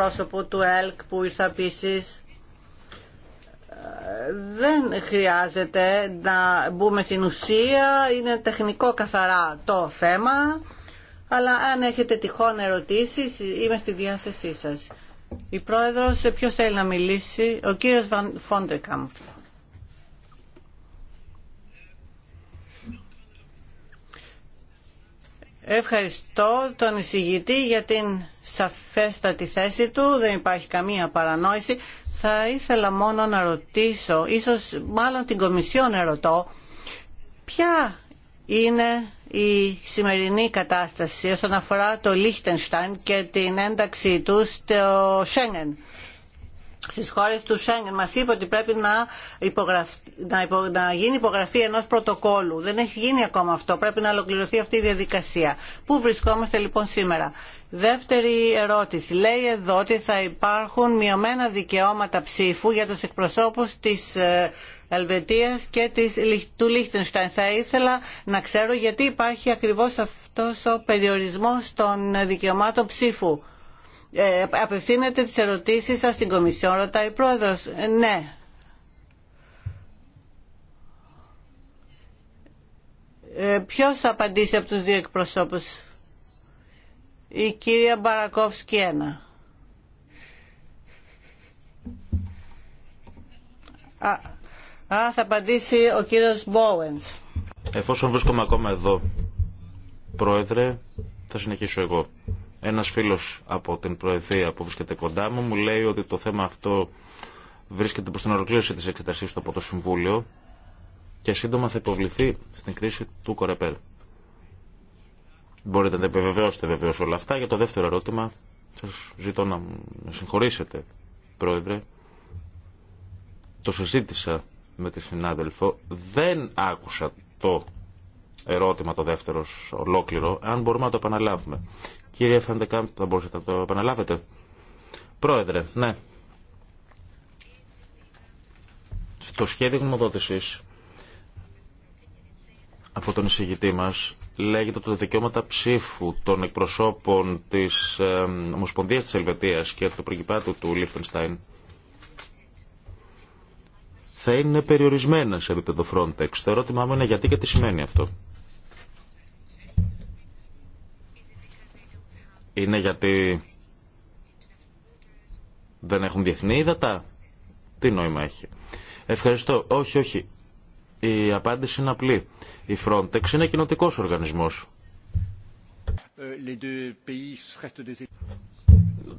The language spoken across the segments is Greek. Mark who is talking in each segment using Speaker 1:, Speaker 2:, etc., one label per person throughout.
Speaker 1: πρόσωπο του ΕΛΚ που ήρθα επίση. Δεν χρειάζεται να μπούμε στην ουσία, είναι τεχνικό καθαρά το θέμα, αλλά αν έχετε τυχόν ερωτήσεις είμαι στη διάθεσή σας. Η πρόεδρος, ποιος θέλει να μιλήσει, ο κύριος Φόντεκαμφ. Ευχαριστώ τον εισηγητή για την σαφέστατη θέση του, δεν υπάρχει καμία παρανόηση. Θα ήθελα μόνο να ρωτήσω, ίσως μάλλον την Κομισιόν ερωτώ, ποια είναι η σημερινή κατάσταση όσον αφορά το Λίχτενστάιν και την ένταξή του στο Σέγγεν στις χώρες του Σέγγεν. Μας είπε ότι πρέπει να, να γίνει υπογραφή ενός πρωτοκόλου. Δεν έχει γίνει ακόμα αυτό. Πρέπει να ολοκληρωθεί αυτή η διαδικασία. Πού βρισκόμαστε λοιπόν σήμερα. Δεύτερη ερώτηση. Λέει εδώ ότι θα υπάρχουν μειωμένα δικαιώματα ψήφου για τους εκπροσώπους της ε, Ελβετίας και της, του Λίχτενστάιν. Θα ήθελα να ξέρω γιατί υπάρχει ακριβώς αυτός ο περιορισμός των δικαιωμάτων ψήφου. Ε, απευθύνετε τις ερωτήσεις σας στην Κομισιόν, ρωτάει η Πρόεδρος. Ε, ναι. Ε, ποιος θα απαντήσει από τους δύο εκπροσώπους. Η κυρία Μπαρακόφσκι ένα. Α, α, θα απαντήσει ο κύριος Μπόουενς.
Speaker 2: Εφόσον βρίσκομαι ακόμα εδώ, Πρόεδρε, θα συνεχίσω εγώ. Ένας φίλος από την Προεδρία που βρίσκεται κοντά μου μου λέει ότι το θέμα αυτό βρίσκεται προς την ολοκλήρωση της εξετασή του από το Συμβούλιο και σύντομα θα υποβληθεί στην κρίση του Κορεπέρ. Μπορείτε να επιβεβαιώσετε βεβαίω όλα αυτά. Για το δεύτερο ερώτημα, σα ζητώ να συγχωρήσετε, Πρόεδρε. Το συζήτησα με τη συνάδελφο. Δεν άκουσα το ερώτημα το δεύτερο ολόκληρο, αν μπορούμε να το επαναλάβουμε. Κύριε Φαντεκάμπ, θα μπορούσατε να το επαναλάβετε. Πρόεδρε, ναι. Στο σχέδιο γνωμοδότηση από τον εισηγητή μα, λέγεται ότι τα δικαιώματα ψήφου των εκπροσώπων τη ομοσπονδία ε, Ομοσπονδίας της και του πριγκυπάτου του Λίχτενστάιν θα είναι περιορισμένα σε επίπεδο Frontex. Το ερώτημά μου είναι γιατί και τι σημαίνει αυτό. Είναι γιατί δεν έχουν διεθνή ύδατα. Τι νόημα έχει. Ευχαριστώ. Όχι, όχι. Η απάντηση είναι απλή. Η Frontex είναι κοινοτικό οργανισμό.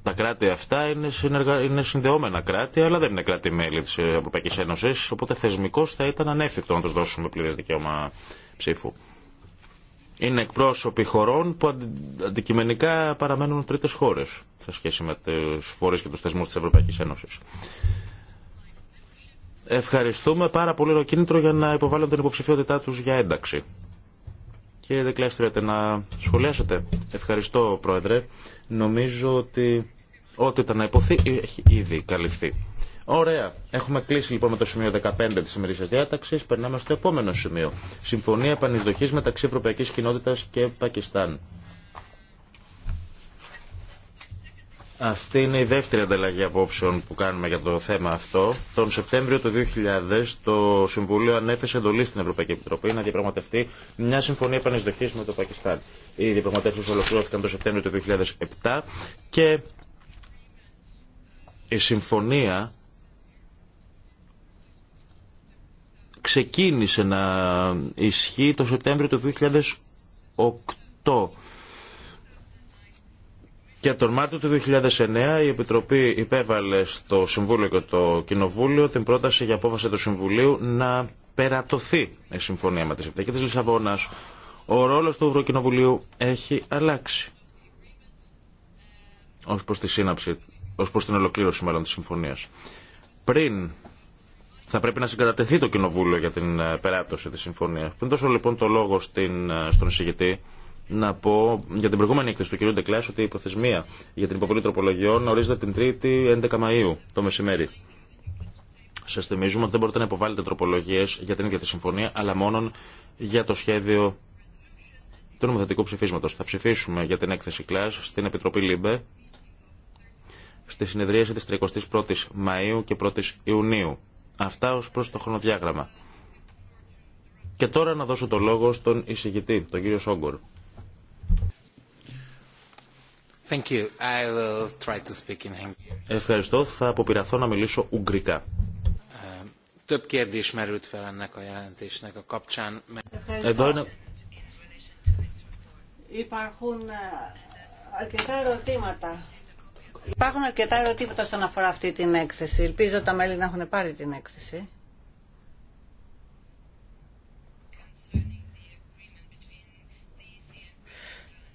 Speaker 2: Τα κράτη αυτά είναι, συνεργα... είναι συνδεόμενα κράτη, αλλά δεν είναι κράτη-μέλη τη Ευρωπαϊκή Ένωση, οπότε θεσμικό θα ήταν ανέφικτο να του δώσουμε πλήρε δικαίωμα ψήφου είναι εκπρόσωποι χωρών που αντικειμενικά παραμένουν τρίτες χώρες σε σχέση με τις φορές και τους θεσμούς της Ευρωπαϊκής Ένωσης. Ευχαριστούμε πάρα πολύ το κίνητρο για να υποβάλλουν την υποψηφιότητά τους για ένταξη. Κύριε Δεκλέστρετε, να σχολιάσετε. Ευχαριστώ, Πρόεδρε. Νομίζω ότι ό,τι ήταν να υποθεί έχει ήδη καλυφθεί. Ωραία. Έχουμε κλείσει λοιπόν με το σημείο 15 τη ημερήσια διάταξη. Περνάμε στο επόμενο σημείο. Συμφωνία επανεισδοχή μεταξύ Ευρωπαϊκή Κοινότητα και Πακιστάν. Αυτή είναι η δεύτερη ανταλλαγή απόψεων που κάνουμε για το θέμα αυτό. Τον Σεπτέμβριο του 2000 το Συμβουλίο ανέθεσε εντολή στην Ευρωπαϊκή Επιτροπή να διαπραγματευτεί μια συμφωνία επανεισδοχή με το Πακιστάν. Οι διαπραγματεύσει ολοκληρώθηκαν το Σεπτέμβριο του 2007 και η συμφωνία ξεκίνησε να ισχύει το Σεπτέμβριο του 2008. Και τον Μάρτιο του 2009 η Επιτροπή υπέβαλε στο Συμβούλιο και το Κοινοβούλιο την πρόταση για απόφαση του Συμβουλίου να περατωθεί η συμφωνία με τη Συνθήκη της Λισαβόνας. Ο ρόλος του Ευρωκοινοβουλίου έχει αλλάξει ως προς τη σύναψη, ως προς την ολοκλήρωση μάλλον της συμφωνίας. Πριν θα πρέπει να συγκατατεθεί το Κοινοβούλιο για την ε, περάπτωση τη συμφωνία. Πριν δώσω λοιπόν το λόγο στην, ε, στον εισηγητή, να πω για την προηγούμενη έκθεση του κ. Ντεκλά ότι η υποθεσμία για την υποβολή τροπολογιών ορίζεται την 3η 11 Μαου το μεσημέρι. Σα θυμίζουμε ότι δεν μπορείτε να υποβάλλετε τροπολογίε για την ίδια τη συμφωνία, αλλά μόνο για το σχέδιο του νομοθετικού ψηφίσματο. Θα ψηφίσουμε για την έκθεση ΚΛΑΣ στην Επιτροπή ΛΥΜΠΕ στη συνεδρίαση τη 31η Μαου και 1η Ιουνίου Αυτά ως προς το χρονοδιάγραμμα. Και τώρα να δώσω το λόγο στον εισηγητή, τον κύριο Σόγκορ. Thank you. I will try to speak in Ευχαριστώ. Θα αποπειραθώ να μιλήσω ουγγρικά. Ε, Εδώ είναι...
Speaker 1: Υπάρχουν ε, αρκετά ερωτήματα Υπάρχουν αρκετά ερωτήματα όσον αφορά αυτή την έκθεση. Ελπίζω τα μέλη να έχουν πάρει την έκθεση.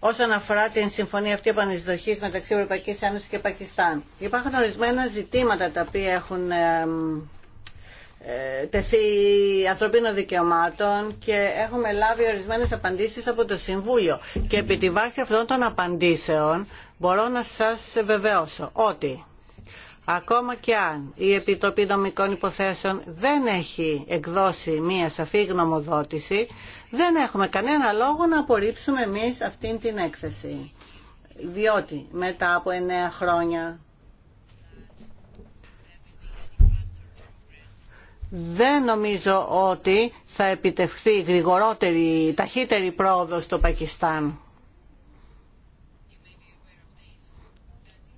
Speaker 1: όσον αφορά την συμφωνία αυτή επανεισδοχής μεταξύ Ευρωπαϊκής Ένωσης και Πακιστάν. Υπάρχουν ορισμένα ζητήματα τα οποία έχουν ε, τεθεί ανθρωπίνων δικαιωμάτων και έχουμε λάβει ορισμένες απαντήσεις από το Συμβούλιο. Και επί τη βάση αυτών των απαντήσεων μπορώ να σας βεβαιώσω ότι ακόμα και αν η Επιτροπή Νομικών Υποθέσεων δεν έχει εκδώσει μία σαφή γνωμοδότηση, δεν έχουμε κανένα λόγο να απορρίψουμε εμείς αυτήν την έκθεση. Διότι μετά από εννέα χρόνια δεν νομίζω ότι θα επιτευχθεί γρηγορότερη, ταχύτερη πρόοδο στο Πακιστάν.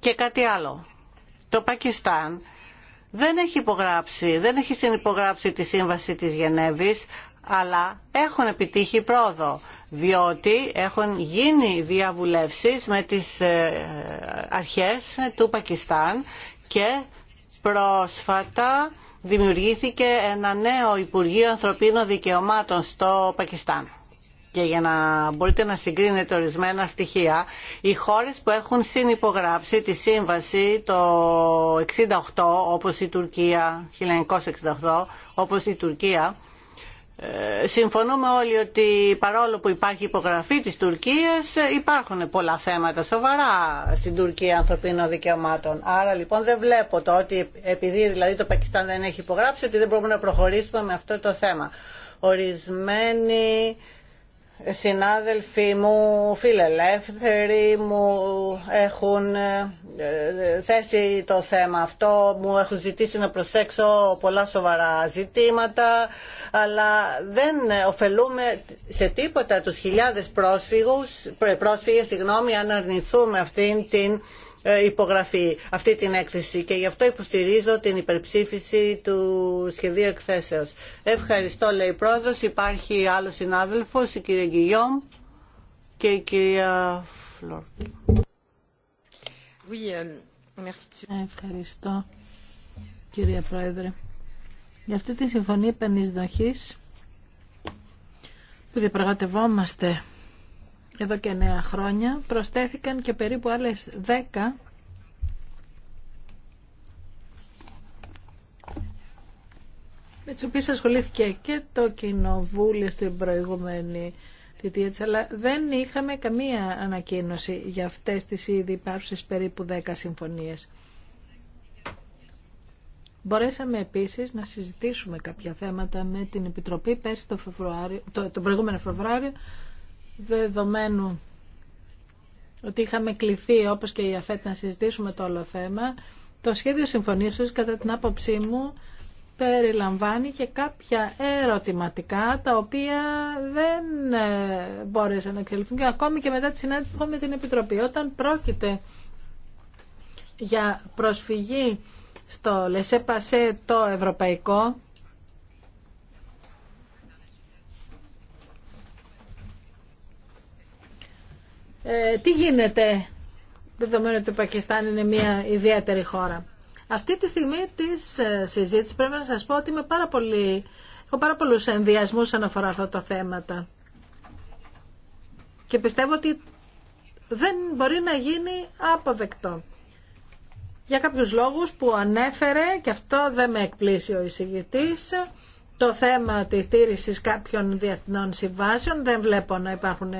Speaker 1: Και κάτι άλλο. Το Πακιστάν δεν έχει υπογράψει, δεν έχει συνυπογράψει τη σύμβαση της Γενέβης, αλλά έχουν επιτύχει πρόοδο, διότι έχουν γίνει διαβουλεύσεις με τις ε, αρχές του Πακιστάν και πρόσφατα δημιουργήθηκε ένα νέο Υπουργείο Ανθρωπίνων Δικαιωμάτων στο Πακιστάν. Και για να μπορείτε να συγκρίνετε ορισμένα στοιχεία, οι χώρες που έχουν συνυπογράψει τη σύμβαση το 68, όπως η Τουρκία, 1968, όπως η Τουρκία, ε, συμφωνούμε όλοι ότι παρόλο που υπάρχει υπογραφή της Τουρκίας υπάρχουν πολλά θέματα σοβαρά στην Τουρκία ανθρωπίνων δικαιωμάτων. Άρα λοιπόν δεν βλέπω το ότι επειδή δηλαδή το Πακιστάν δεν έχει υπογράψει ότι δεν μπορούμε να προχωρήσουμε με αυτό το θέμα. Ορισμένοι συνάδελφοί μου, φιλελεύθεροι μου έχουν ε, θέσει το θέμα αυτό, μου έχουν ζητήσει να προσέξω πολλά σοβαρά ζητήματα, αλλά δεν ωφελούμε σε τίποτα τους χιλιάδες πρόσφυγους, πρόσφυγες, συγγνώμη, αν αρνηθούμε αυτήν την ε, υπογραφεί αυτή την έκθεση και γι' αυτό υποστηρίζω την υπερψήφιση του σχεδίου εκθέσεως. Ευχαριστώ λέει η πρόεδρος. Υπάρχει άλλος συνάδελφος, η κυρία Γκυγιόμ και η κυρία Φλόρ.
Speaker 3: Euh, Ευχαριστώ κυρία Πρόεδρε. Για αυτή τη συμφωνία επανεισδοχής που διαπραγματευόμαστε εδώ και 9 χρόνια, προσθέθηκαν και περίπου άλλες 10 με τις οποίες ασχολήθηκε και το Κοινοβούλιο στην προηγούμενη θητεία αλλά δεν είχαμε καμία ανακοίνωση για αυτές τις ήδη υπάρχουσες περίπου 10 συμφωνίες. Μπορέσαμε επίσης να συζητήσουμε κάποια θέματα με την Επιτροπή πέρσι το, Φεβρουάριο, το, το προηγούμενο Φεβρουάριο δεδομένου ότι είχαμε κληθεί όπως και η ΑΦΕΤ να συζητήσουμε το όλο θέμα, το σχέδιο συμφωνήσεως κατά την άποψή μου περιλαμβάνει και κάποια ερωτηματικά τα οποία δεν ε, μπόρεσαν να εξελιχθούν και ακόμη και μετά τη συνάντηση με την Επιτροπή. Όταν πρόκειται για προσφυγή στο Λεσέπασε το ευρωπαϊκό, ε, τι γίνεται δεδομένου ότι το Πακιστάν είναι μια ιδιαίτερη χώρα. Αυτή τη στιγμή της ε, συζήτηση πρέπει να σας πω ότι πάρα πολύ, έχω πάρα πολλούς ενδιασμούς αναφορά αυτά τα θέματα. Και πιστεύω ότι δεν μπορεί να γίνει αποδεκτό. Για κάποιους λόγους που ανέφερε, και αυτό δεν με εκπλήσει ο εισηγητής, το θέμα της στήρησης κάποιων διεθνών συμβάσεων δεν βλέπω να υπάρχουν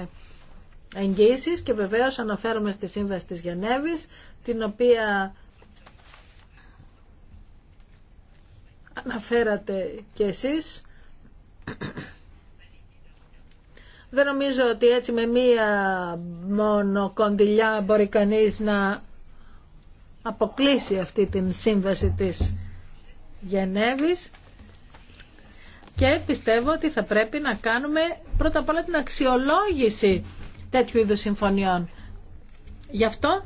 Speaker 3: και βεβαίως αναφέρομαι στη Σύμβαση της Γενέβης, την οποία αναφέρατε και εσείς. Δεν νομίζω ότι έτσι με μία μόνο κοντιλιά μπορεί κανείς να αποκλείσει αυτή την σύμβαση της Γενέβης και πιστεύω ότι θα πρέπει να κάνουμε πρώτα απ' όλα την αξιολόγηση τέτοιου είδους συμφωνιών. Γι' αυτό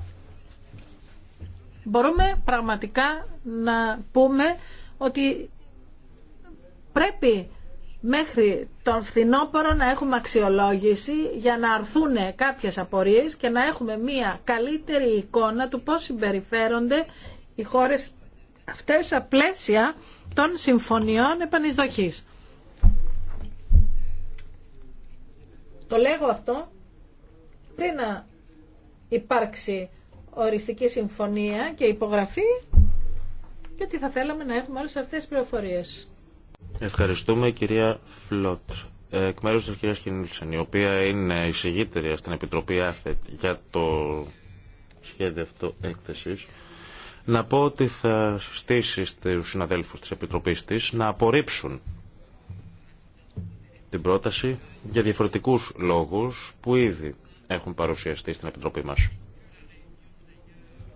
Speaker 3: μπορούμε πραγματικά να πούμε ότι πρέπει μέχρι τον φθινόπωρο να έχουμε αξιολόγηση για να αρθούν κάποιες απορίες και να έχουμε μία καλύτερη εικόνα του πώς συμπεριφέρονται οι χώρες αυτές στα πλαίσια των συμφωνιών επανεισδοχής. Το λέγω αυτό πριν να υπάρξει οριστική συμφωνία και υπογραφή γιατί θα θέλαμε να έχουμε όλες αυτές τις πληροφορίες.
Speaker 2: Ευχαριστούμε κυρία Φλότ. Ε, εκ μέρους της κυρίας η οποία είναι εισηγήτρια στην Επιτροπή ΑΘΕΤ για το σχέδιο αυτό έκθεσης, να πω ότι θα στήσει στους συναδέλφους της Επιτροπής της να απορρίψουν την πρόταση για διαφορετικούς λόγους που ήδη έχουν παρουσιαστεί στην Επιτροπή μας.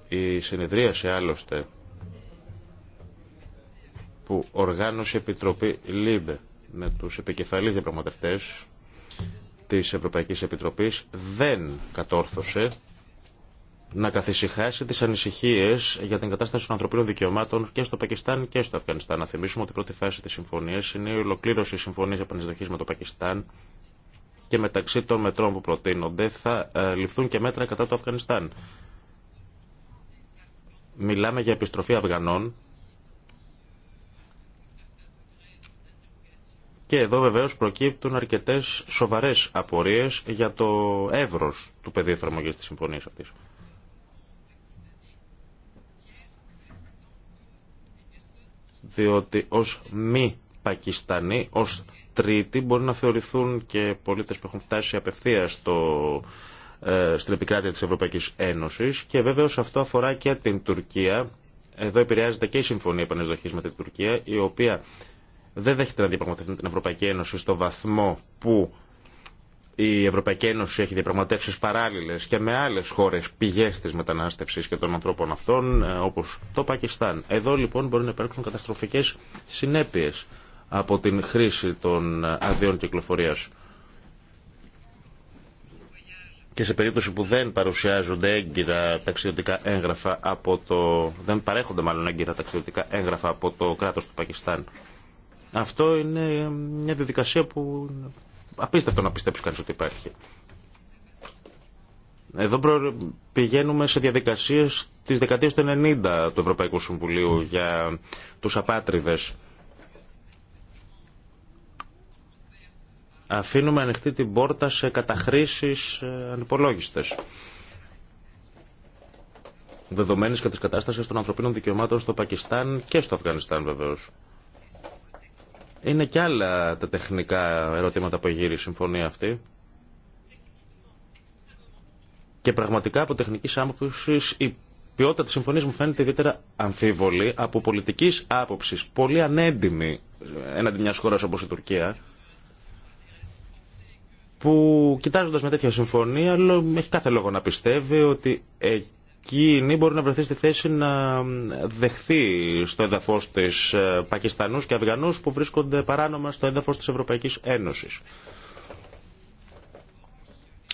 Speaker 2: Η συνεδρίαση άλλωστε που οργάνωσε η Επιτροπή ΛΥΜΠΕ με τους επικεφαλείς διαπραγματευτές της Ευρωπαϊκής Επιτροπής δεν κατόρθωσε να καθησυχάσει τις ανησυχίες για την κατάσταση των ανθρωπίνων δικαιωμάτων και στο Πακιστάν και στο Αφγανιστάν. Να θυμίσουμε ότι η πρώτη φάση της συμφωνίας είναι η ολοκλήρωση συμφωνίας επανεισδοχής με το Πακιστάν και μεταξύ των μετρών που προτείνονται θα ε, ληφθούν και μέτρα κατά το Αφγανιστάν. Μιλάμε για επιστροφή Αφγανών και εδώ βεβαίως προκύπτουν αρκετές σοβαρές απορίες για το εύρος του πεδίου εφαρμογής της συμφωνίας αυτής. διότι ως μη Πακιστανοί ω τρίτη μπορεί να θεωρηθούν και πολίτε που έχουν φτάσει απευθεία στο, ε, στην επικράτεια της Ευρωπαϊκής Ένωσης και βέβαιως αυτό αφορά και την Τουρκία. Εδώ επηρεάζεται και η Συμφωνία Επανεσδοχής με την Τουρκία η οποία δεν δέχεται να διαπραγματευτεί την Ευρωπαϊκή Ένωση στο βαθμό που η Ευρωπαϊκή Ένωση έχει διαπραγματεύσει παράλληλε και με άλλε χώρε πηγέ τη μετανάστευση και των ανθρώπων αυτών, ε, όπω το Πακιστάν. Εδώ λοιπόν μπορεί να υπάρξουν καταστροφικέ συνέπειε από την χρήση των αδειών κυκλοφορίας. Και σε περίπτωση που δεν παρουσιάζονται έγκυρα ταξιδιωτικά έγγραφα από το... δεν παρέχονται μάλλον έγκυρα ταξιδιωτικά έγγραφα από το κράτος του Πακιστάν. Αυτό είναι μια διαδικασία που απίστευτο να πιστέψει κανείς ότι υπάρχει. Εδώ πηγαίνουμε σε διαδικασίες της δεκαετίας του 90 του Ευρωπαϊκού Συμβουλίου για τους απάτριδες Αφήνουμε ανοιχτή την πόρτα σε καταχρήσεις ε, ανυπολόγιστες δεδομένη και τη κατάσταση των ανθρωπίνων δικαιωμάτων στο Πακιστάν και στο Αφγανιστάν βεβαίω. Είναι και άλλα τα τεχνικά ερωτήματα που γύρει η συμφωνία αυτή. Και πραγματικά από τεχνική άποψη η ποιότητα τη συμφωνία μου φαίνεται ιδιαίτερα αμφίβολη. Από πολιτική άποψη πολύ ανέντιμη ε, έναντι μια χώρα όπω η Τουρκία που κοιτάζοντα με τέτοια συμφωνία έχει κάθε λόγο να πιστεύει ότι εκείνη μπορεί να βρεθεί στη θέση να δεχθεί στο έδαφος της ε, Πακιστανούς και Αφγανούς που βρίσκονται παράνομα στο έδαφος της Ευρωπαϊκής Ένωσης.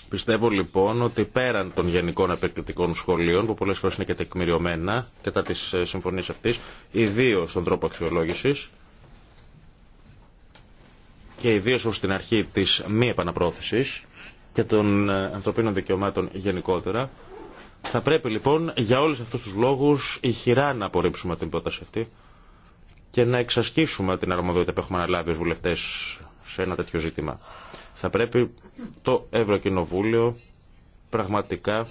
Speaker 2: Πιστεύω λοιπόν ότι πέραν των γενικών επεκτητικών σχολείων που πολλές φορές είναι και τεκμηριωμένα κατά της ε, συμφωνία αυτή, ιδίω στον τρόπο αξιολόγηση και ιδίω στην την αρχή τη μη επαναπρόθεση και των ε, ανθρωπίνων δικαιωμάτων γενικότερα. Θα πρέπει λοιπόν για όλου αυτού του λόγου ηχηρά να απορρίψουμε την πρόταση αυτή και να εξασκήσουμε την αρμοδιότητα που έχουμε αναλάβει ω βουλευτέ σε ένα τέτοιο ζήτημα. Θα πρέπει το Ευρωκοινοβούλιο πραγματικά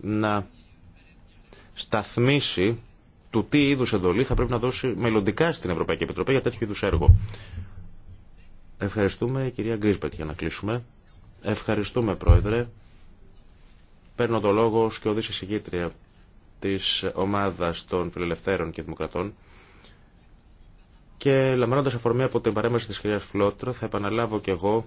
Speaker 2: να σταθμίσει του τι είδου εντολή θα πρέπει να δώσει μελλοντικά στην Ευρωπαϊκή Επιτροπή για τέτοιου είδου έργο. Ευχαριστούμε, κυρία Γκρίσπετ, για να κλείσουμε. Ευχαριστούμε, Πρόεδρε. Παίρνω το λόγο ως και συγκήτρια της ομάδας των φιλελευθέρων και δημοκρατών και λαμβάνοντας αφορμή από την παρέμβαση της κυρίας Φλότρο θα επαναλάβω και εγώ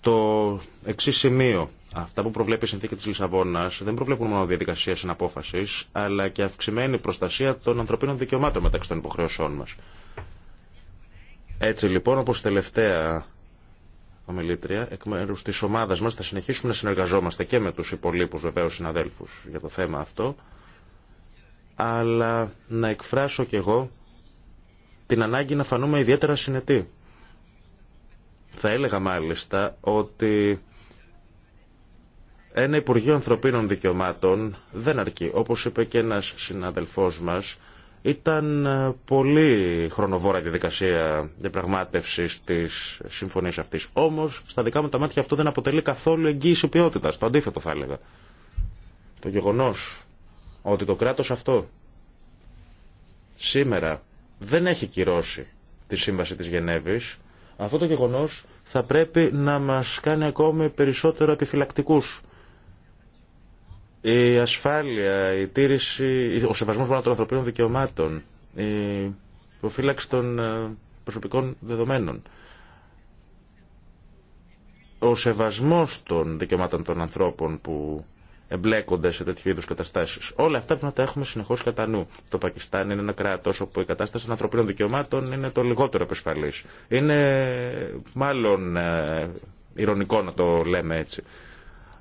Speaker 2: το εξή σημείο Αυτά που προβλέπει η συνθήκη τη Λισαβόνα δεν προβλέπουν μόνο διαδικασία συναπόφαση, αλλά και αυξημένη προστασία των ανθρωπίνων δικαιωμάτων μεταξύ των υποχρεώσεών μα. Έτσι λοιπόν, όπω τελευταία ομιλήτρια, εκ μέρου τη ομάδα μα θα συνεχίσουμε να συνεργαζόμαστε και με του υπολείπου βεβαίω συναδέλφου για το θέμα αυτό, αλλά να εκφράσω κι εγώ την ανάγκη να φανούμε ιδιαίτερα συνετοί. Θα έλεγα μάλιστα ότι ένα Υπουργείο Ανθρωπίνων Δικαιωμάτων δεν αρκεί. Όπως είπε και ένας συναδελφός μας, ήταν ε, πολύ χρονοβόρα η διαδικασία διαπραγμάτευση τη συμφωνία αυτή. Όμω, στα δικά μου τα μάτια αυτό δεν αποτελεί καθόλου εγγύηση ποιότητα. Το αντίθετο θα έλεγα. Το γεγονό ότι το κράτο αυτό σήμερα δεν έχει κυρώσει τη σύμβαση τη Γενέβη, αυτό το γεγονό θα πρέπει να μα κάνει ακόμη περισσότερο επιφυλακτικού. Η ασφάλεια, η τήρηση, ο σεβασμός των ανθρωπίνων δικαιωμάτων, η προφύλαξη των ε, προσωπικών δεδομένων, ο σεβασμός των δικαιωμάτων των ανθρώπων που εμπλέκονται σε τέτοιου είδου καταστάσει. Όλα αυτά πρέπει να τα έχουμε συνεχώ κατά νου. Το Πακιστάν είναι ένα κράτο όπου η κατάσταση των ανθρωπίνων δικαιωμάτων είναι το λιγότερο επισφαλής. Είναι μάλλον ε, ηρωνικό να το λέμε έτσι.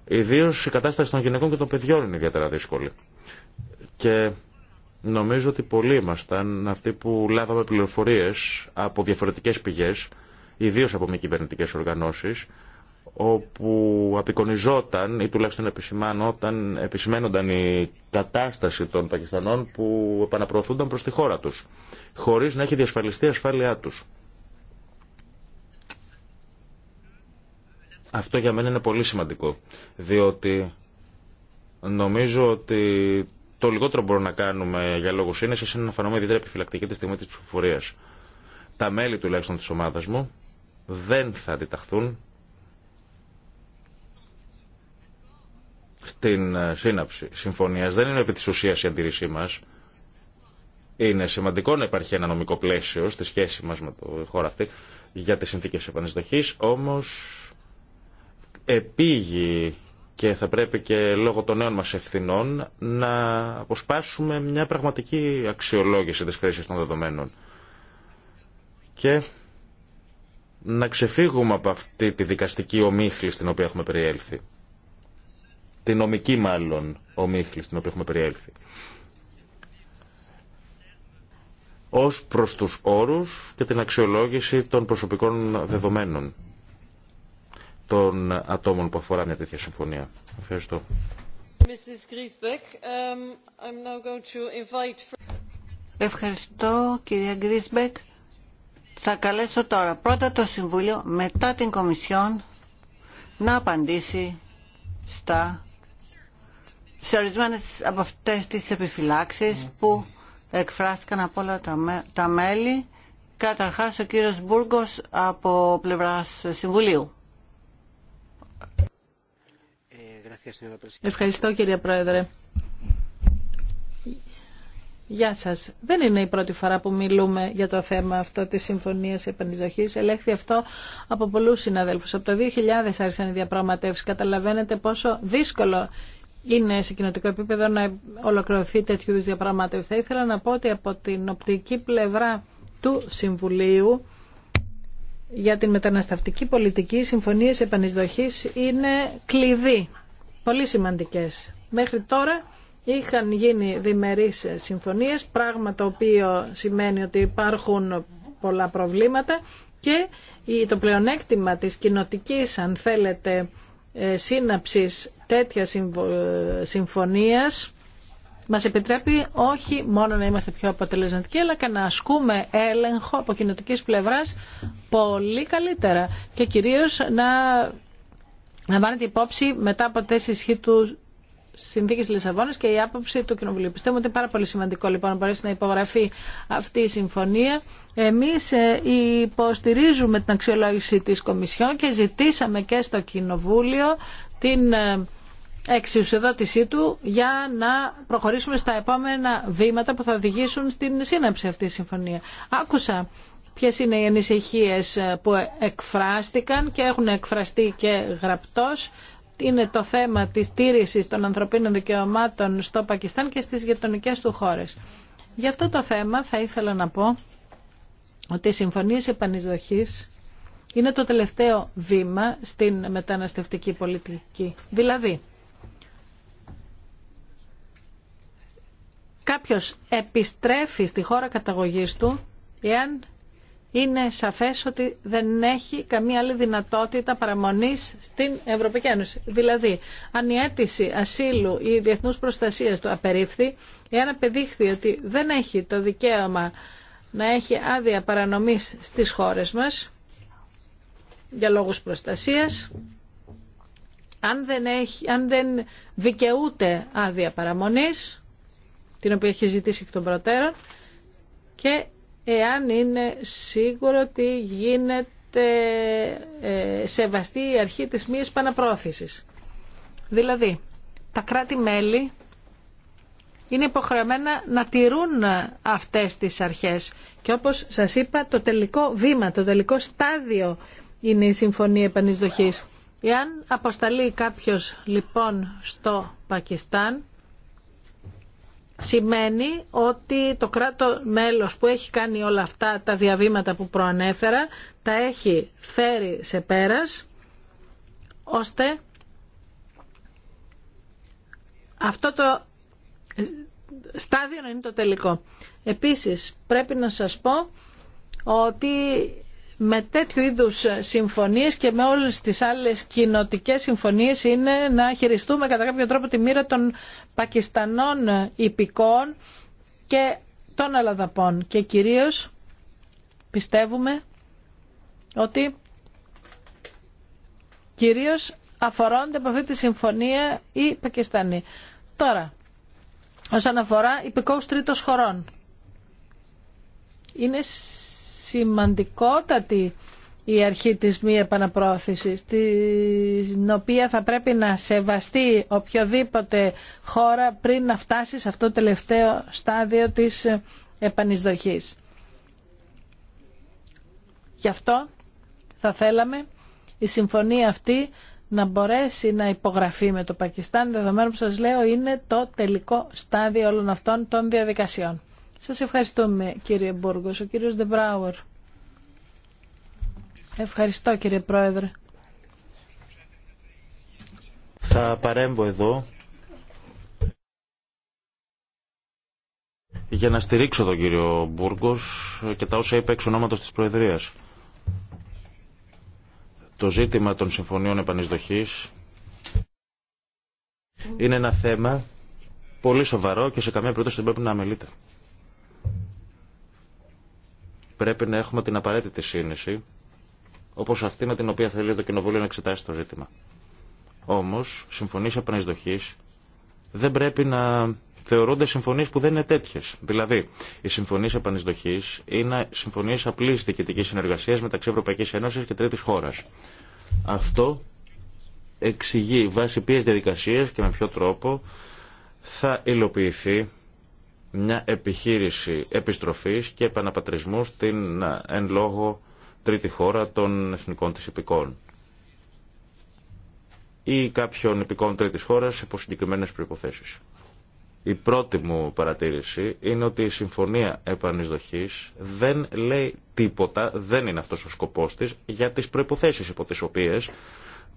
Speaker 2: Ιδίω η κατάσταση των γυναικών και των παιδιών είναι ιδιαίτερα δύσκολη. Και νομίζω ότι πολλοί ήμασταν αυτοί που λάβαμε πληροφορίε από διαφορετικέ πηγέ, ιδίω από μη κυβερνητικέ οργανώσει, όπου απεικονιζόταν ή τουλάχιστον επισημάνονταν, επισημένονταν η κατάσταση των Πακιστανών που επαναπροωθούνταν προς τη χώρα τους, χωρίς να έχει διασφαλιστεί η ασφάλειά τους. Αυτό για μένα είναι πολύ σημαντικό, διότι νομίζω ότι το λιγότερο που μπορούμε να κάνουμε για λόγου σύνεση είναι να φανούμε ιδιαίτερα επιφυλακτική τη στιγμή τη ψηφοφορία. Τα μέλη τουλάχιστον τη ομάδα μου δεν θα αντιταχθούν στην ε, σύναψη συμφωνίας. Δεν είναι επί της ουσίας η αντίρρησή μας. Είναι σημαντικό να υπάρχει ένα νομικό πλαίσιο στη σχέση μας με το χώρα αυτή για τις συνθήκες επανεισδοχής, όμως επίγει και θα πρέπει και λόγω των νέων μας ευθυνών να αποσπάσουμε μια πραγματική αξιολόγηση της χρήσης των δεδομένων. Και να ξεφύγουμε από αυτή τη δικαστική ομίχλη στην οποία έχουμε περιέλθει. Τη νομική μάλλον ομίχλη στην οποία έχουμε περιέλθει. Ως προς τους όρους και την αξιολόγηση των προσωπικών δεδομένων των ατόμων που αφορά μια τέτοια συμφωνία. Ευχαριστώ.
Speaker 3: Um,
Speaker 1: Ευχαριστώ κυρία Γκρίσμπεκ. Θα καλέσω τώρα πρώτα το Συμβούλιο, μετά την Κομισιόν, να απαντήσει στα σε ορισμένε από αυτέ τι επιφυλάξει που εκφράστηκαν από όλα τα μέλη. καταρχά ο κύριος Μπουργκος από πλευρά Συμβουλίου. Ευχαριστώ
Speaker 3: κύριε Πρόεδρε. Γεια σας. Δεν είναι η πρώτη φορά που μιλούμε για το θέμα αυτό της Συμφωνίας Επενδυσοχής. Ελέγχθη αυτό από πολλούς συναδέλφους. Από το 2000 άρχισαν οι διαπραγματεύσεις. Καταλαβαίνετε πόσο δύσκολο είναι σε κοινοτικό επίπεδο να ολοκληρωθεί τέτοιου είδους διαπραγματεύσεις. Θα ήθελα να πω ότι από την οπτική πλευρά του Συμβουλίου για την μεταναστευτική πολιτική οι συμφωνίες επανεισδοχής είναι κλειδί πολύ σημαντικές. Μέχρι τώρα είχαν γίνει διμερείς συμφωνίες, πράγμα το οποίο σημαίνει ότι υπάρχουν πολλά προβλήματα και το πλεονέκτημα της κοινοτική, αν θέλετε, ε, σύναψης τέτοια συμφωνίας μας επιτρέπει όχι μόνο να είμαστε πιο αποτελεσματικοί αλλά και να ασκούμε έλεγχο από κοινοτικής πλευράς πολύ καλύτερα και κυρίως να λαμβάνεται υπόψη μετά από τέσσερι ισχύ του συνθήκη Λισαβόνα και η άποψη του Κοινοβουλίου. Πιστεύουμε ότι είναι πάρα πολύ σημαντικό λοιπόν να μπορέσει να υπογραφεί αυτή η συμφωνία. Εμεί ε, υποστηρίζουμε την αξιολόγηση τη Κομισιόν και ζητήσαμε και στο Κοινοβούλιο την ε, εξουσιοδότησή του για να προχωρήσουμε στα επόμενα βήματα που θα οδηγήσουν στην σύναψη αυτή τη συμφωνία. Άκουσα ποιες είναι οι ανησυχίες που εκφράστηκαν και έχουν εκφραστεί και γραπτός. Είναι το θέμα της τήρησης των ανθρωπίνων δικαιωμάτων στο Πακιστάν και στις γειτονικές του χώρες. Γι' αυτό το θέμα θα ήθελα να πω ότι οι συμφωνίες επανεισδοχής είναι το τελευταίο βήμα στην μεταναστευτική πολιτική. Δηλαδή, κάποιος επιστρέφει στη χώρα καταγωγής του εάν είναι σαφές ότι δεν έχει καμία άλλη δυνατότητα παραμονής στην Ευρωπαϊκή Ένωση. Δηλαδή, αν η αίτηση ασύλου ή διεθνούς προστασίας του απερίφθη, εάν απεδείχθη ότι δεν έχει το δικαίωμα να έχει άδεια παρανομής στις χώρες μας για λόγους προστασίας, αν δεν, έχει, αν δεν δικαιούται άδεια παραμονής, την οποία έχει ζητήσει εκ των προτέρων, και εάν είναι σίγουρο ότι γίνεται ε, σεβαστή η αρχή της μίας παναπρόθεσης. Δηλαδή, τα κράτη-μέλη είναι υποχρεωμένα να τηρούν αυτές τις αρχές. Και όπως σας είπα, το τελικό βήμα, το τελικό στάδιο είναι η Συμφωνία Επανεισδοχής. Εάν αποσταλεί κάποιος λοιπόν στο Πακιστάν, σημαίνει ότι το κράτο μέλος που έχει κάνει όλα αυτά τα διαβήματα που προανέφερα τα έχει φέρει σε πέρας ώστε αυτό το στάδιο να είναι το τελικό. Επίσης πρέπει να σας πω ότι με τέτοιου είδους συμφωνίες και με όλες τις άλλες κοινοτικές συμφωνίες είναι να χειριστούμε κατά κάποιο τρόπο τη μοίρα των Πακιστανών υπηκών και των Αλαδαπών. Και κυρίως πιστεύουμε ότι κυρίως αφορώνται από αυτή τη συμφωνία οι Πακιστανοί. Τώρα, όσον αφορά υπηκόους τρίτος χωρών, είναι σημαντικότατη η αρχή της μη επαναπρόθεσης, την οποία θα πρέπει να σεβαστεί οποιοδήποτε χώρα πριν να φτάσει σε αυτό το τελευταίο στάδιο της επανεισδοχής. Γι' αυτό θα θέλαμε η συμφωνία αυτή να μπορέσει να υπογραφεί με το Πακιστάν, δεδομένου που σας λέω είναι το τελικό στάδιο όλων αυτών των διαδικασιών. Σας ευχαριστούμε κύριε Μπόργος. Ο κύριος Ντεμπράουερ. Ευχαριστώ κύριε Πρόεδρε.
Speaker 2: Θα παρέμβω εδώ για να στηρίξω τον κύριο Μπούργος και τα όσα είπε εξ ονόματος της Προεδρίας. Το ζήτημα των συμφωνίων επανεισδοχής είναι ένα θέμα πολύ σοβαρό και σε καμία περίπτωση δεν πρέπει να αμελείται. Πρέπει να έχουμε την απαραίτητη σύνεση, όπως αυτή με την οποία θέλει το Κοινοβούλιο να εξετάσει το ζήτημα. Όμως, συμφωνίε επανεισδοχής δεν πρέπει να θεωρούνται συμφωνίες που δεν είναι τέτοιε. Δηλαδή, οι συμφωνίε επανεισδοχής είναι συμφωνίε απλής διοικητική συνεργασία μεταξύ Ευρωπαϊκής Ένωση και τρίτη χώρα. Αυτό εξηγεί βάσει ποιες διαδικασίες και με ποιο τρόπο θα υλοποιηθεί μια επιχείρηση επιστροφής και επαναπατρισμού στην ε, εν λόγω τρίτη χώρα των εθνικών της υπηκών ή κάποιων υπηκών τρίτης χώρας υπό συγκεκριμένες προϋποθέσεις. Η πρώτη μου παρατήρηση είναι ότι η Συμφωνία Επανεισδοχής δεν λέει τίποτα, δεν είναι αυτός ο σκοπός της, για τις προϋποθέσεις υπό τις οποίες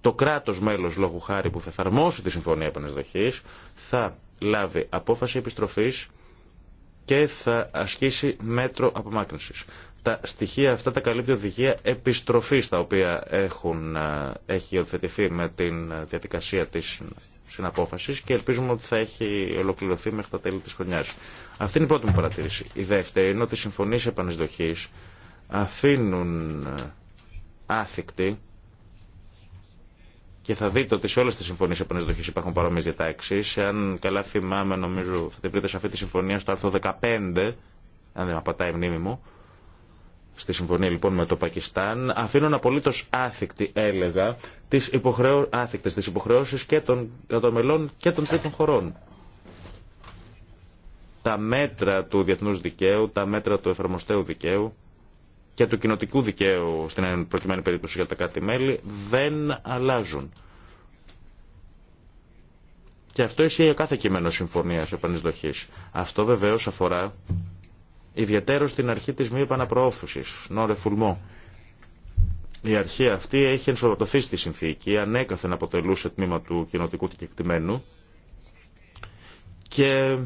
Speaker 2: το κράτος μέλος λόγου χάρη που θα εφαρμόσει τη Συμφωνία Επανεισδοχής θα λάβει απόφαση επιστροφής και θα ασκήσει μέτρο απομάκρυνσης. Τα στοιχεία αυτά τα καλύπτει οδηγία επιστροφής τα οποία έχουν, έχει υιοθετηθεί με την διαδικασία της συναπόφασης και ελπίζουμε ότι θα έχει ολοκληρωθεί μέχρι τα τέλη της χρονιάς. Αυτή είναι η πρώτη μου παρατήρηση. Η δεύτερη είναι ότι οι συμφωνίες επανεσδοχής αφήνουν άθικτη και θα δείτε ότι σε όλε τι συμφωνίε επανεισδοχή υπάρχουν παρόμοιε διατάξει. Αν καλά θυμάμαι, νομίζω θα τη βρείτε σε αυτή τη συμφωνία στο άρθρο 15, αν δεν απατάει η μνήμη μου. Στη συμφωνία λοιπόν με το Πακιστάν, αφήνουν απολύτω άθικτη, έλεγα, τι υποχρεω... υποχρεώσει και των κρατομελών και των τρίτων χωρών. Τα μέτρα του διεθνού δικαίου, τα μέτρα του εφαρμοστέου δικαίου, και του κοινοτικού δικαίου στην προκειμένη περίπτωση για τα κάτι μέλη δεν αλλάζουν. Και αυτό ισχύει για κάθε κείμενο συμφωνία επανεισδοχή. Αυτό βεβαίω αφορά ιδιαίτερο στην αρχή τη μη Νόρε φουλμό. Η αρχή αυτή έχει ενσωματωθεί στη συνθήκη, ανέκαθεν αποτελούσε τμήμα του κοινοτικού κεκτημένου και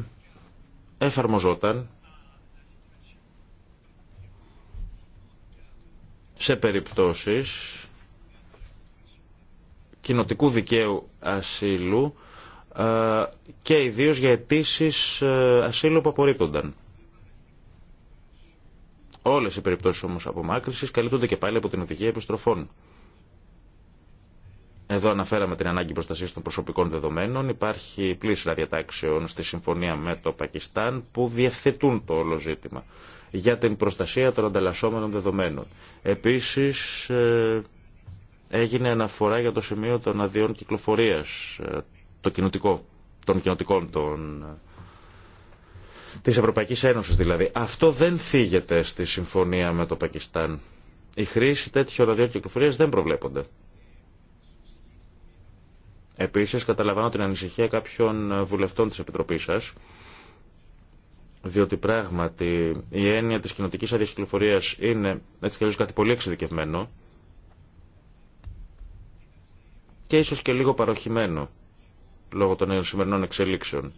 Speaker 2: εφαρμοζόταν σε περιπτώσεις κοινοτικού δικαίου ασύλου ε, και ιδίως για αιτήσει ε, ασύλου που απορρίπτονταν. Όλες οι περιπτώσεις όμως απομάκρυσης καλύπτονται και πάλι από την οδηγία επιστροφών. Εδώ αναφέραμε την ανάγκη προστασία των προσωπικών δεδομένων. Υπάρχει πλήρης διατάξεων στη συμφωνία με το Πακιστάν που διευθετούν το όλο ζήτημα για την προστασία των ανταλλασσόμενων δεδομένων. Επίσης, ε, έγινε αναφορά για το σημείο των αδειών κυκλοφορίας, ε, το των κοινοτικών των της Ευρωπαϊκής Ένωσης δηλαδή. Αυτό δεν θίγεται στη συμφωνία με το Πακιστάν. Η χρήση τέτοιων αδειών κυκλοφορίας δεν προβλέπονται. Επίσης καταλαβαίνω την ανησυχία κάποιων βουλευτών της Επιτροπής σας διότι πράγματι η έννοια της κοινοτικής άδειας είναι έτσι και κάτι πολύ εξειδικευμένο και ίσως και λίγο παροχημένο λόγω των σημερινών εξελίξεων.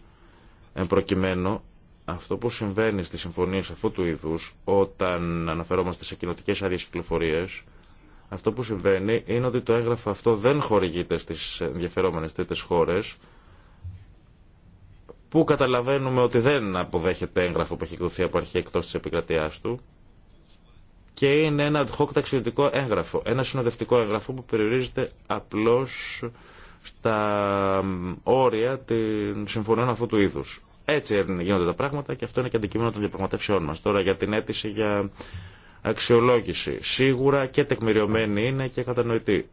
Speaker 2: Εν προκειμένου, αυτό που συμβαίνει στις συμφωνίες αυτού του είδους, όταν αναφερόμαστε σε κοινοτικές άδειες αυτό που συμβαίνει είναι ότι το έγγραφο αυτό δεν χορηγείται στις ενδιαφερόμενες τρίτες χώρες, που καταλαβαίνουμε ότι δεν αποδέχεται έγγραφο που έχει εκδοθεί από αρχή εκτός της επικρατείας του και είναι ένα ad hoc ταξιδιωτικό έγγραφο, ένα συνοδευτικό έγγραφο που περιορίζεται απλώς στα όρια των συμφωνιών αυτού του είδους. Έτσι γίνονται τα πράγματα και αυτό είναι και αντικείμενο των διαπραγματεύσεών μας. Τώρα για την αίτηση για αξιολόγηση. Σίγουρα και τεκμηριωμένη είναι και κατανοητή.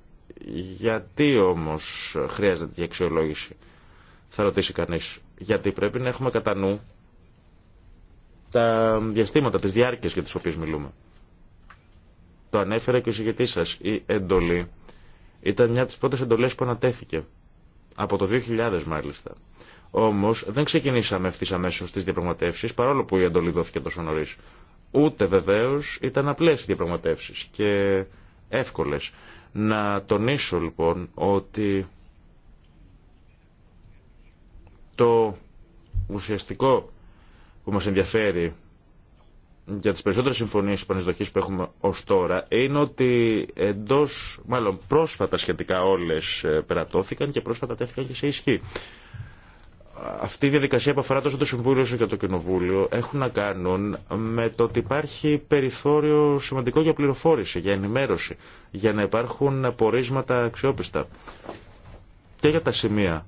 Speaker 2: Γιατί όμως χρειάζεται η αξιολόγηση, θα ρωτήσει κανείς. Γιατί πρέπει να έχουμε κατά νου τα διαστήματα, τις διάρκειες για τις οποίες μιλούμε. Το ανέφερε και ο συγκεκριτής σας. Η εντολή ήταν μια από τις πρώτες εντολές που ανατέθηκε. Από το 2000 μάλιστα. Όμω δεν ξεκινήσαμε ευθύ αμέσω τι διαπραγματεύσει, παρόλο που η εντολή δόθηκε τόσο νωρί. Ούτε βεβαίω ήταν απλέ οι διαπραγματεύσει και εύκολε. Να τονίσω λοιπόν ότι το ουσιαστικό που μας ενδιαφέρει για τις περισσότερες συμφωνίες επανεισδοχής που έχουμε ως τώρα είναι ότι εντός, μάλλον πρόσφατα σχετικά όλες ε, περατώθηκαν και πρόσφατα τέθηκαν και σε ισχύ. Αυτή η διαδικασία που αφορά τόσο το Συμβούλιο όσο και το Κοινοβούλιο έχουν να κάνουν με το ότι υπάρχει περιθώριο σημαντικό για πληροφόρηση, για ενημέρωση, για να υπάρχουν πορίσματα αξιόπιστα και για τα σημεία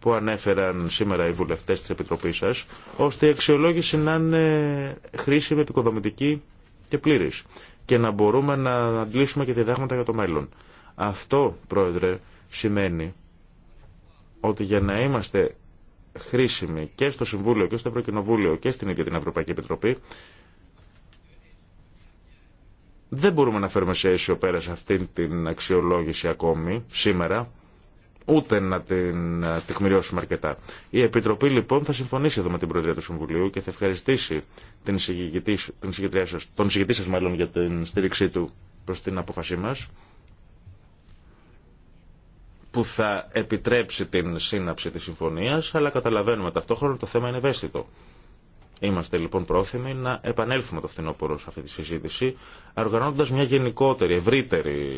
Speaker 2: που ανέφεραν σήμερα οι βουλευτές της Επιτροπής σας, ώστε η αξιολόγηση να είναι χρήσιμη, επικοδομητική και πλήρης και να μπορούμε να αντλήσουμε και διδάγματα για το μέλλον. Αυτό, Πρόεδρε, σημαίνει ότι για να είμαστε χρήσιμοι και στο Συμβούλιο και στο Ευρωκοινοβούλιο και στην ίδια την Ευρωπαϊκή Επιτροπή, δεν μπορούμε να φέρουμε σε αίσιο πέρα σε αυτήν την αξιολόγηση ακόμη, σήμερα, ούτε να την ε, τεκμηριώσουμε αρκετά. Η Επιτροπή λοιπόν θα συμφωνήσει εδώ με την Προεδρία του Συμβουλίου και θα ευχαριστήσει την συγκεκριτή, την σας, τον συγκεκριτή σας μάλλον για την στήριξή του προς την απόφασή μας που θα επιτρέψει την σύναψη της συμφωνίας, αλλά καταλαβαίνουμε ταυτόχρονα το θέμα είναι ευαίσθητο. Είμαστε λοιπόν πρόθυμοι να επανέλθουμε το φθινόπωρο σε αυτή τη συζήτηση, οργανώντας μια γενικότερη, ευρύτερη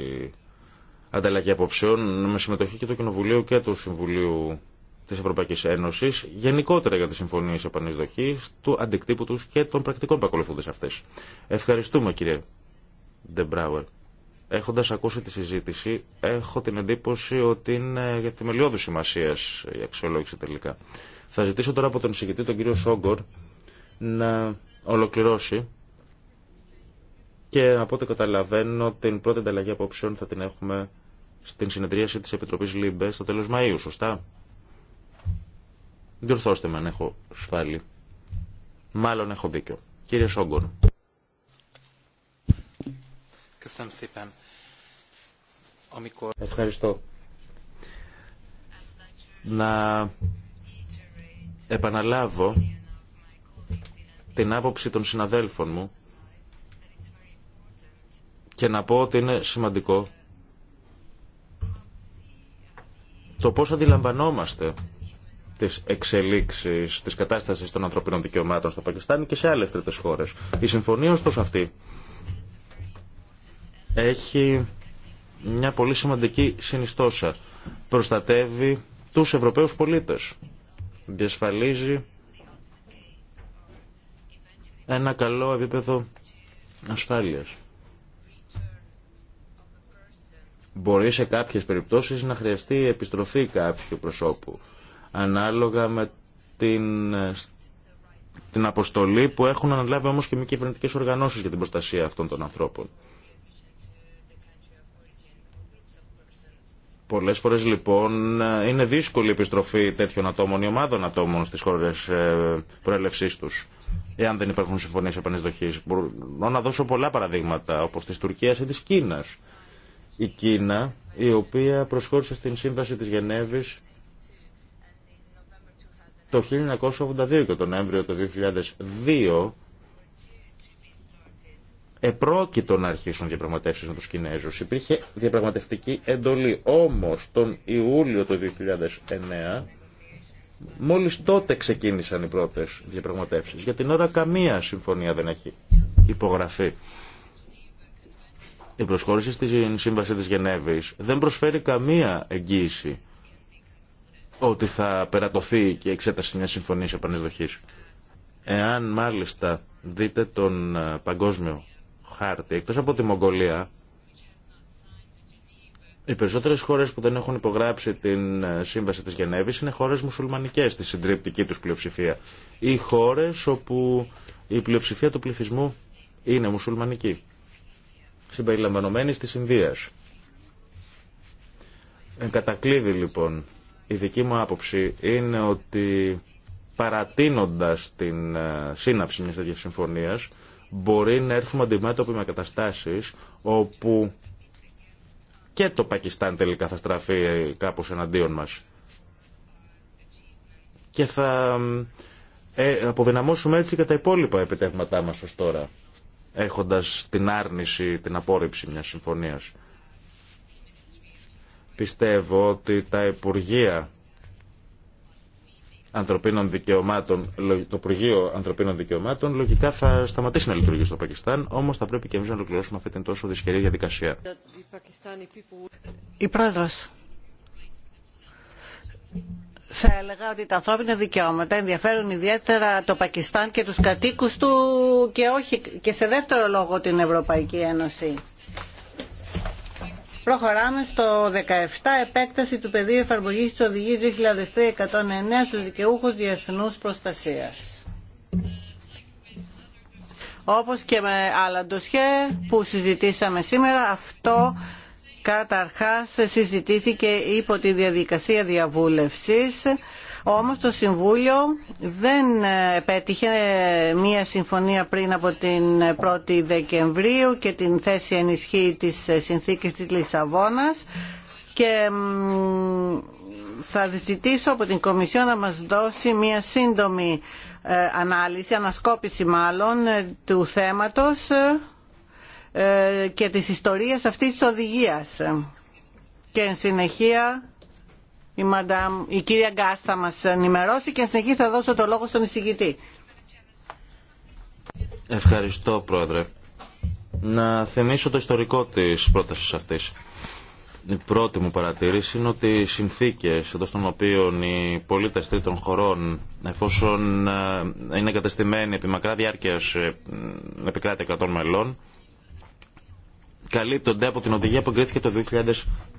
Speaker 2: ανταλλαγή απόψεων με συμμετοχή και του Κοινοβουλίου και του Συμβουλίου τη Ευρωπαϊκή Ένωση, γενικότερα για τι συμφωνίε επανεισδοχή, του αντικτύπου του και των πρακτικών που ακολουθούνται σε αυτέ. Ευχαριστούμε, κύριε Ντεμπράουερ. Έχοντα ακούσει τη συζήτηση, έχω την εντύπωση ότι είναι για θεμελιώδου σημασία η αξιολόγηση τελικά. Θα ζητήσω τώρα από τον συγκεκριτή, τον κύριο Σόγκορ, να ολοκληρώσει και από ό,τι καταλαβαίνω την πρώτη ανταλλαγή απόψεων θα την έχουμε στην συνεδρίαση της Επιτροπής ΛΥΜΠΕ στο τέλος Μαΐου, σωστά. Διορθώστε με αν έχω σφάλει. Μάλλον έχω δίκιο. Κύριε Σόγκορ. Ευχαριστώ. Να επαναλάβω την άποψη των συναδέλφων μου και να πω ότι είναι σημαντικό το πώς αντιλαμβανόμαστε τις εξελίξεις της κατάστασης των ανθρωπίνων δικαιωμάτων στο Πακιστάν και σε άλλες τρίτες χώρες. Η συμφωνία ωστόσο αυτή έχει μια πολύ σημαντική συνιστόσα. Προστατεύει τους Ευρωπαίους πολίτες. Διασφαλίζει ένα καλό επίπεδο ασφάλειας. Μπορεί σε κάποιες περιπτώσεις να χρειαστεί επιστροφή κάποιου προσώπου, ανάλογα με την, την αποστολή που έχουν αναλάβει όμως και μη κυβερνητικέ οργανώσεις για την προστασία αυτών των ανθρώπων. Πολλές φορές λοιπόν είναι δύσκολη η επιστροφή τέτοιων ατόμων ή ομάδων ατόμων στις χώρες ε, προέλευσής τους, εάν δεν υπάρχουν συμφωνίες επανεισδοχής. Μπορώ να δώσω πολλά παραδείγματα, όπως της Τουρκίας ή της Κίνας η Κίνα, η οποία προσχώρησε στην Σύμβαση της Γενέβης το 1982 και τον Νοέμβριο το 2002 επρόκειτο να αρχίσουν διαπραγματεύσεις με τους Κινέζους. Υπήρχε διαπραγματευτική εντολή. Όμως τον Ιούλιο το 2009 μόλις τότε ξεκίνησαν οι πρώτες διαπραγματεύσεις. Για την ώρα καμία συμφωνία δεν έχει υπογραφεί. Η προσχώρηση στη Σύμβαση της Γενέβης δεν προσφέρει καμία εγγύηση ότι θα περατωθεί και η εξέταση μιας συμφωνίας επανεισδοχής. Εάν μάλιστα δείτε τον ε, παγκόσμιο χάρτη, εκτός από τη Μογγολία, οι περισσότερες χώρες που δεν έχουν υπογράψει την ε, Σύμβαση της Γενέβης είναι χώρες μουσουλμανικές στη συντριπτική τους πλειοψηφία. Ή χώρε όπου η χωρες οπου η πλειοψηφια του πληθυσμού είναι μουσουλμανική συμπεριλαμβανομένης της Ινδίας. Εν κατακλείδη λοιπόν, η δική μου άποψη είναι ότι παρατείνοντας την ε, σύναψη μιας τέτοιας συμφωνίας μπορεί να έρθουμε αντιμέτωποι με καταστάσεις όπου και το Πακιστάν τελικά θα στραφεί κάπως εναντίον μας και θα ε, αποδυναμώσουμε έτσι και τα υπόλοιπα επιτεύγματά μας ως τώρα έχοντας την άρνηση, την απόρριψη μιας συμφωνίας. Πιστεύω ότι τα Υπουργεία Ανθρωπίνων Δικαιωμάτων, το Υπουργείο Ανθρωπίνων Δικαιωμάτων λογικά θα σταματήσει να λειτουργεί στο Πακιστάν, όμως θα πρέπει και εμείς να ολοκληρώσουμε αυτή την τόσο δυσχερή διαδικασία. Η πρόεδρος
Speaker 1: θα έλεγα ότι τα ανθρώπινα δικαιώματα ενδιαφέρουν ιδιαίτερα το Πακιστάν και τους κατοίκους του και, όχι, και σε δεύτερο λόγο την Ευρωπαϊκή Ένωση. Προχωράμε στο 17 επέκταση του πεδίου εφαρμογή τη οδηγια 2003 2003-109 στους δικαιούχους διεθνούς προστασίας. Όπως και με άλλα ντοσιέ που συζητήσαμε σήμερα, αυτό καταρχάς συζητήθηκε υπό τη διαδικασία διαβούλευσης όμως το Συμβούλιο δεν ε, επέτυχε ε, μία συμφωνία πριν από την 1η Δεκεμβρίου και την θέση ενισχύει της ε, συνθήκης της Λισαβόνας και θα ζητήσω από την Κομισιό να μας δώσει μία σύντομη ανάλυση, ανασκόπηση μάλλον, του θέματος ε, και της ιστορίας αυτής της οδηγίας. Και εν συνεχεία η, η κυρία Γκάς θα μας ενημερώσει και εν συνεχεία θα δώσω το λόγο στον εισηγητή.
Speaker 2: Ευχαριστώ Πρόεδρε. Να θυμίσω το ιστορικό της πρότασης αυτής. Η πρώτη μου παρατήρηση είναι ότι οι συνθήκες εντό των οποίων οι πολίτες τρίτων χωρών εφόσον ε, είναι κατεστημένοι επί μακρά διάρκεια ε, επικράτεια μελών καλύπτονται από την οδηγία που εγκρίθηκε το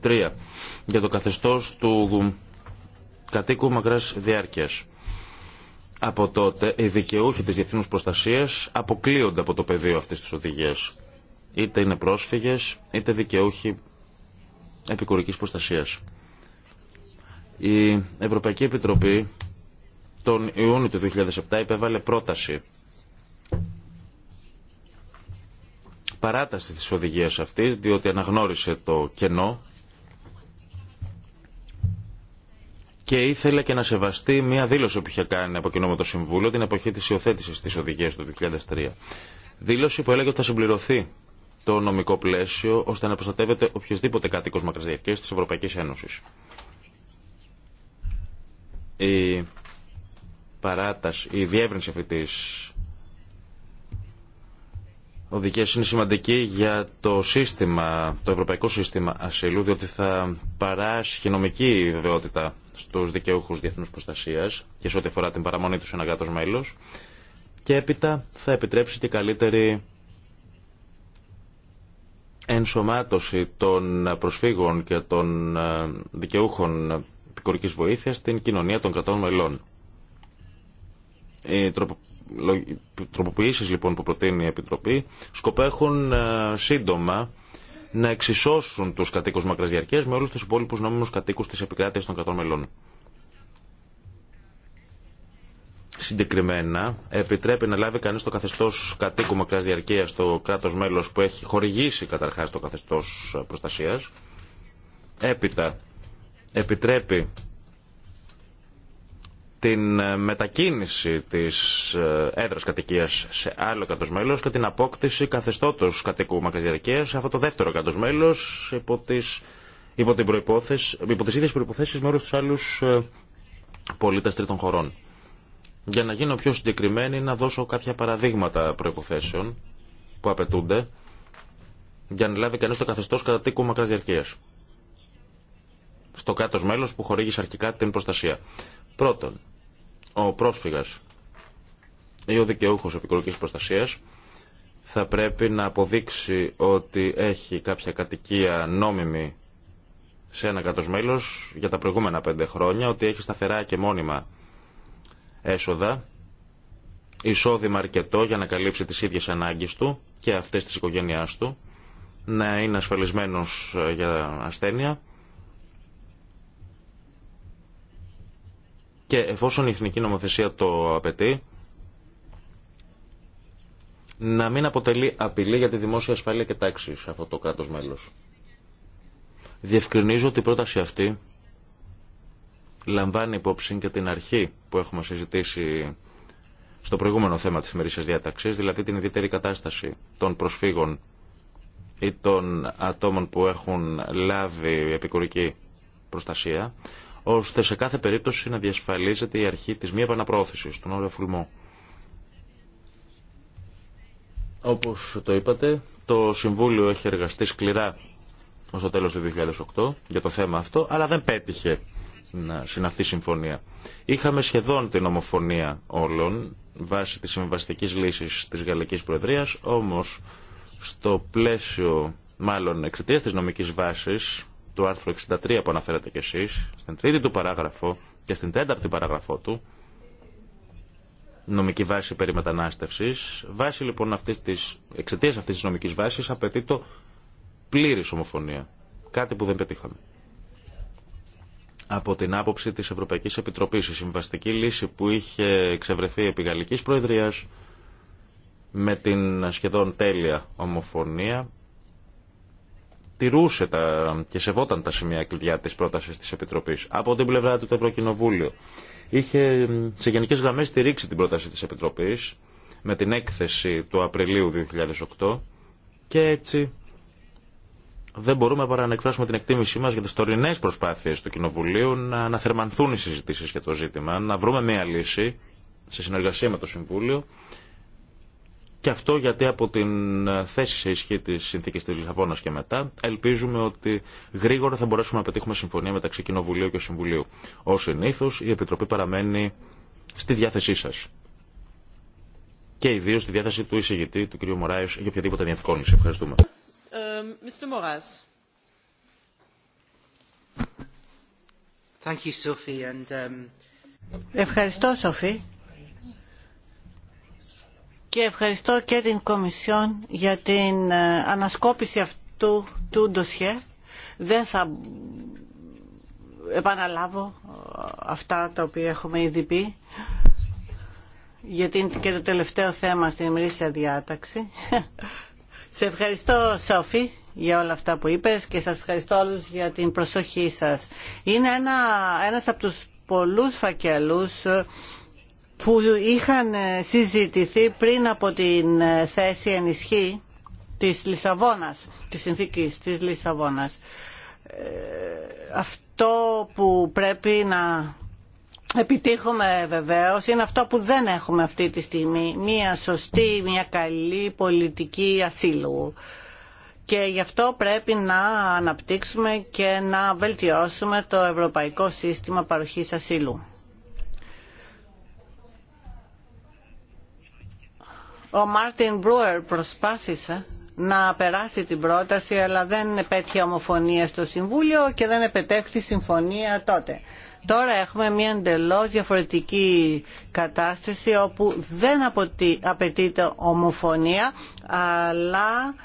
Speaker 2: 2003 για το καθεστώς του κατοίκου μακράς διάρκειας. Από τότε οι δικαιούχοι της διεθνούς προστασίας αποκλείονται από το πεδίο αυτής της οδηγίας. Είτε είναι πρόσφυγες, είτε δικαιούχοι επικουρικής προστασίας. Η Ευρωπαϊκή Επιτροπή τον Ιούνιο του 2007 υπέβαλε πρόταση παράταση της οδηγίας αυτής, διότι αναγνώρισε το κενό και ήθελε και να σεβαστεί μια δήλωση που είχε κάνει από κοινό με το Συμβούλιο την εποχή της υιοθέτησης της οδηγίας του 2003. Δήλωση που έλεγε ότι θα συμπληρωθεί το νομικό πλαίσιο ώστε να προστατεύεται οποιοδήποτε κάτοικος μακρασδιακής της Ευρωπαϊκής Ένωσης. Η παράταση, διεύρυνση αυτή της οδηγίες είναι σημαντική για το σύστημα, το ευρωπαϊκό σύστημα ασύλου, διότι θα παράσχει νομική βεβαιότητα στους δικαιούχους διεθνούς προστασίας και σε ό,τι αφορά την παραμονή του σε ένα κράτος μέλος και έπειτα θα επιτρέψει και καλύτερη ενσωμάτωση των προσφύγων και των ε, δικαιούχων επικορικής βοήθειας στην κοινωνία των κρατών μελών τροποποιήσεις λοιπόν που προτείνει η Επιτροπή σκοπέχουν ε, σύντομα να εξισώσουν τους κατοίκους μακρασδιαρκές με όλους τους υπόλοιπους νόμιμους κατοίκους της επικράτειας των 100 μελών. Συγκεκριμένα, επιτρέπει να λάβει κανείς το καθεστώς κατοίκου μακράς διαρκείας στο κράτος μέλος που έχει χορηγήσει καταρχάς το καθεστώς προστασίας. Έπειτα, επιτρέπει την ε, μετακίνηση της ε, έδρας κατοικίας σε άλλο κράτος μέλος και την απόκτηση καθεστώτος κατοικού μακριτζερικίας σε αυτό το δεύτερο κράτος μέλος υπό τις, υπό την ίδιες προϋποθέσεις με τους άλλους ε, πολίτες τρίτων χωρών. Για να γίνω πιο συγκεκριμένη να δώσω κάποια παραδείγματα προϋποθέσεων που απαιτούνται για να λάβει κανεί το καθεστώς κατοίκου μακρά στο κάτω μέλο που χορήγησε αρχικά την προστασία. Πρώτον, ο πρόσφυγας ή ο δικαιούχος επικουρικής προστασίας θα πρέπει να αποδείξει ότι έχει κάποια κατοικία νόμιμη σε ένα μέλο για τα προηγούμενα πέντε χρόνια, ότι έχει σταθερά και μόνιμα έσοδα, εισόδημα αρκετό για να καλύψει τις ίδιες ανάγκες του και αυτές της οικογένειάς του, να είναι ασφαλισμένο ε, για ασθένεια και εφόσον η εθνική νομοθεσία το απαιτεί, να μην αποτελεί απειλή για τη δημόσια ασφάλεια και τάξη σε αυτό το κράτος μέλος. Διευκρινίζω ότι η πρόταση αυτή λαμβάνει υπόψη και την αρχή που έχουμε συζητήσει στο προηγούμενο θέμα της ημερήσιας διάταξης, δηλαδή την ιδιαίτερη κατάσταση των προσφύγων ή των ατόμων που έχουν λάβει επικουρική προστασία, ώστε σε κάθε περίπτωση να διασφαλίζεται η αρχή της μη επαναπρόθεσης, τον όρο φουλμό. Όπως το είπατε, το Συμβούλιο έχει εργαστεί σκληρά ως το τέλος του 2008 για το θέμα αυτό, αλλά δεν πέτυχε να συναυθεί συμφωνία. Είχαμε σχεδόν την ομοφωνία όλων βάσει της συμβαστικής λύσης της Γαλλικής Προεδρίας, όμως στο πλαίσιο μάλλον εξαιτία της νομικής βάσης του άρθρου 63 που αναφέρατε κι εσείς, στην τρίτη του παράγραφο και στην τέταρτη παράγραφό του, νομική βάση περί μετανάστευσης, βάση λοιπόν αυτής της, εξαιτίας αυτής της νομικής βάσης απαιτεί το πλήρης ομοφωνία. Κάτι που δεν πετύχαμε. Από την άποψη της Ευρωπαϊκής Επιτροπής, η συμβαστική λύση που είχε εξευρεθεί επί Γαλλικής Προεδρίας, με την σχεδόν τέλεια ομοφωνία τηρούσε τα, και σεβόταν τα σημεία κλειδιά της πρότασης της Επιτροπής. Από την πλευρά του το Ευρωκοινοβούλιο είχε σε γενικές γραμμές στηρίξει την πρόταση της Επιτροπής με την έκθεση του Απριλίου 2008 και έτσι δεν μπορούμε παρά να εκφράσουμε την εκτίμησή μας για τις τωρινές προσπάθειες του Κοινοβουλίου να αναθερμανθούν οι συζητήσεις για το ζήτημα, να βρούμε μια λύση σε συνεργασία με το Συμβούλιο και αυτό γιατί από την θέση σε ισχύ τη συνθήκη τη Λισαβόνα και μετά, ελπίζουμε ότι γρήγορα θα μπορέσουμε να πετύχουμε συμφωνία μεταξύ Κοινοβουλίου και Συμβουλίου. Ω συνήθω, η Επιτροπή παραμένει στη διάθεσή σα. Και ιδίω στη διάθεση του εισηγητή, του κ. Μωράη, για οποιαδήποτε διευκόλυνση. Ευχαριστούμε.
Speaker 4: Ε,
Speaker 1: um, Ευχαριστώ, Σοφή και ευχαριστώ και την Κομισιόν για την ε, ανασκόπηση αυτού του ντοσιέ. Δεν θα επαναλάβω ε, αυτά τα οποία έχουμε ήδη πει γιατί είναι και το τελευταίο θέμα στην ημερήσια διάταξη. Σε ευχαριστώ Σόφη για όλα αυτά που είπες και σας ευχαριστώ όλους για την προσοχή σας. Είναι ένα, ένας από τους πολλούς φακελούς ε, που είχαν συζητηθεί πριν από την θέση ενισχύ της Λισαβόνας, της συνθήκης της Λισαβόνας. Ε, αυτό που πρέπει να επιτύχουμε βεβαίως είναι αυτό που δεν έχουμε αυτή τη στιγμή, μια σωστή, μια καλή πολιτική ασύλου. Και γι' αυτό πρέπει να αναπτύξουμε και να βελτιώσουμε το ευρωπαϊκό σύστημα παροχής ασύλου. Ο Μάρτιν Μπρούερ προσπάθησε να περάσει την πρόταση αλλά δεν επέτυχε ομοφωνία στο Συμβούλιο και δεν επετέχθη συμφωνία τότε. Τώρα έχουμε μια εντελώ διαφορετική κατάσταση όπου δεν απαιτείται ομοφωνία αλλά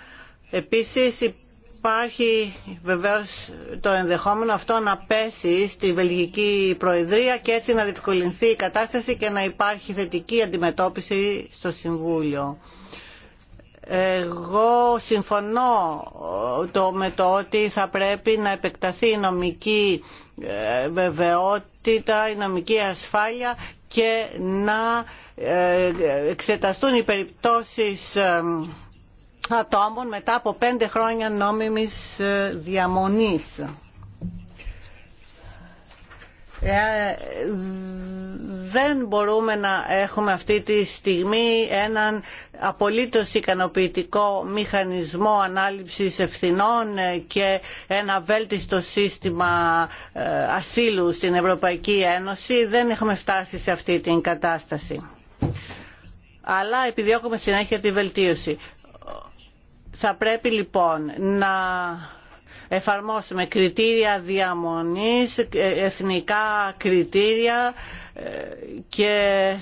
Speaker 1: επίσης υπάρχει βεβαίως το ενδεχόμενο αυτό να πέσει στη Βελγική Προεδρία και έτσι να διευκολυνθεί η κατάσταση και να υπάρχει θετική αντιμετώπιση στο Συμβούλιο. Εγώ συμφωνώ ε, το με το ότι θα πρέπει να επεκταθεί η νομική ε, βεβαιότητα, η νομική ασφάλεια και να ε, εξεταστούν οι περιπτώσεις ατόμων μετά από πέντε χρόνια νόμιμης ε, διαμονής. Ε, δεν μπορούμε να έχουμε αυτή τη στιγμή έναν απολύτως ικανοποιητικό μηχανισμό ανάληψης ευθυνών ε, και ένα βέλτιστο σύστημα ασύλου στην Ευρωπαϊκή Ένωση. Δεν έχουμε φτάσει σε αυτή την κατάσταση αλλά επιδιώκουμε συνέχεια τη βελτίωση. Θα πρέπει λοιπόν να εφαρμόσουμε κριτήρια διαμονής, εθνικά κριτήρια ε, και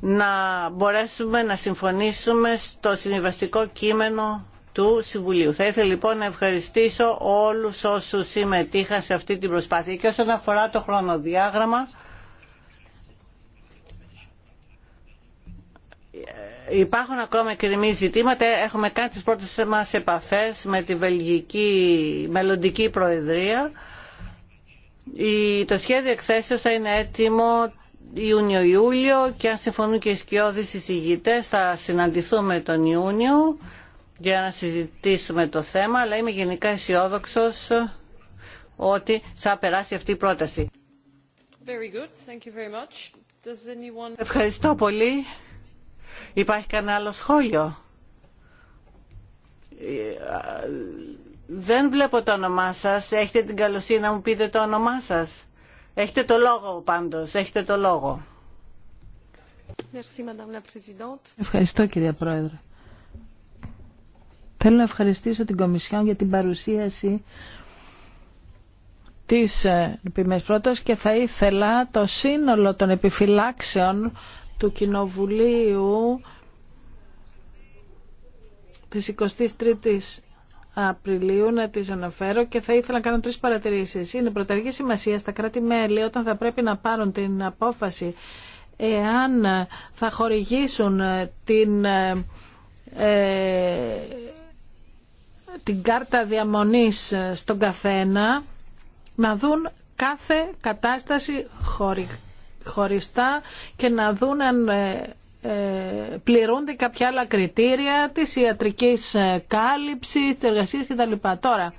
Speaker 1: να μπορέσουμε να συμφωνήσουμε στο συμβιβαστικό κείμενο του Συμβουλίου. Θα ήθελα λοιπόν να ευχαριστήσω όλους όσους συμμετείχαν σε αυτή την προσπάθεια. Και όσον αφορά το χρονοδιάγραμμα, υπάρχουν ακόμα κρυμμοί ζητήματα. Έχουμε κάνει τις πρώτες μας επαφές με τη Βελγική Μελλοντική Προεδρία. Το σχέδιο εκθέσεως θα είναι έτοιμο Ιούνιο-Ιούλιο και αν συμφωνούν και οι σκιώδεις εισηγητές θα συναντηθούμε τον Ιούνιο για να συζητήσουμε το θέμα, αλλά είμαι γενικά αισιόδοξο ότι θα περάσει αυτή η πρόταση.
Speaker 4: Very good. Thank you Ευχαριστώ
Speaker 1: πολύ. Υπάρχει κανένα άλλο σχόλιο. Δεν βλέπω το όνομά σας. Έχετε την καλοσύνη να μου πείτε το όνομά σας. Έχετε το λόγο πάντως. Έχετε το λόγο.
Speaker 3: Ευχαριστώ κυρία Πρόεδρε. Θέλω να ευχαριστήσω την Κομισιόν για την παρουσίαση της ε, επιμέσης πρώτας και θα ήθελα το σύνολο των επιφυλάξεων του Κοινοβουλίου της 23ης Απριλίου να τις αναφέρω και θα ήθελα να κάνω τρεις παρατηρήσεις. Είναι πρωταρχή σημασία στα κράτη-μέλη όταν θα πρέπει να πάρουν την απόφαση εάν θα χορηγήσουν την, ε, την κάρτα διαμονής στον καθένα να δουν κάθε κατάσταση χορηγή χωριστά και να δουν αν ε, ε, πληρούνται κάποια άλλα κριτήρια της ιατρικής ε, κάλυψης, της εργασίας κτλ. Τώρα,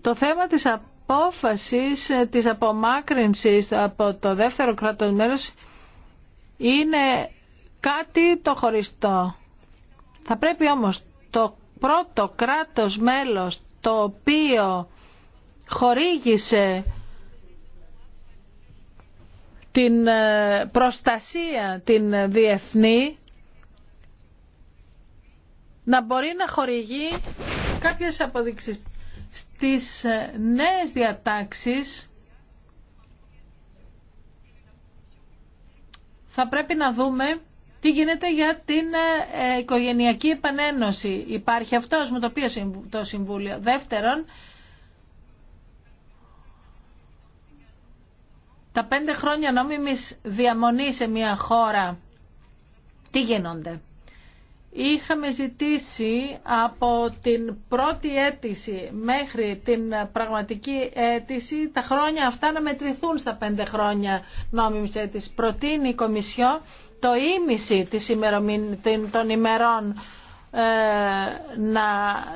Speaker 3: το θέμα της απόφασης της απομάκρυνσης από το δεύτερο κράτος μέρος είναι κάτι το χωριστό. Θα πρέπει όμως το πρώτο κράτος μέλος το οποίο χορήγησε την ε, προστασία την διεθνή να μπορεί να χορηγεί κάποιες αποδείξεις στις ε, νέες διατάξεις θα πρέπει να δούμε τι γίνεται για την ε, οικογενειακή επανένωση. Υπάρχει αυτός με το οποίο το Συμβούλιο. Δεύτερον, τα πέντε χρόνια νόμιμης διαμονή σε μια χώρα, τι γίνονται. Είχαμε ζητήσει από την πρώτη αίτηση μέχρι την πραγματική αίτηση τα χρόνια αυτά να μετρηθούν στα πέντε χρόνια νόμιμης αίτησης. Προτείνει η Κομισιό το ίμιση των ημερών ε, να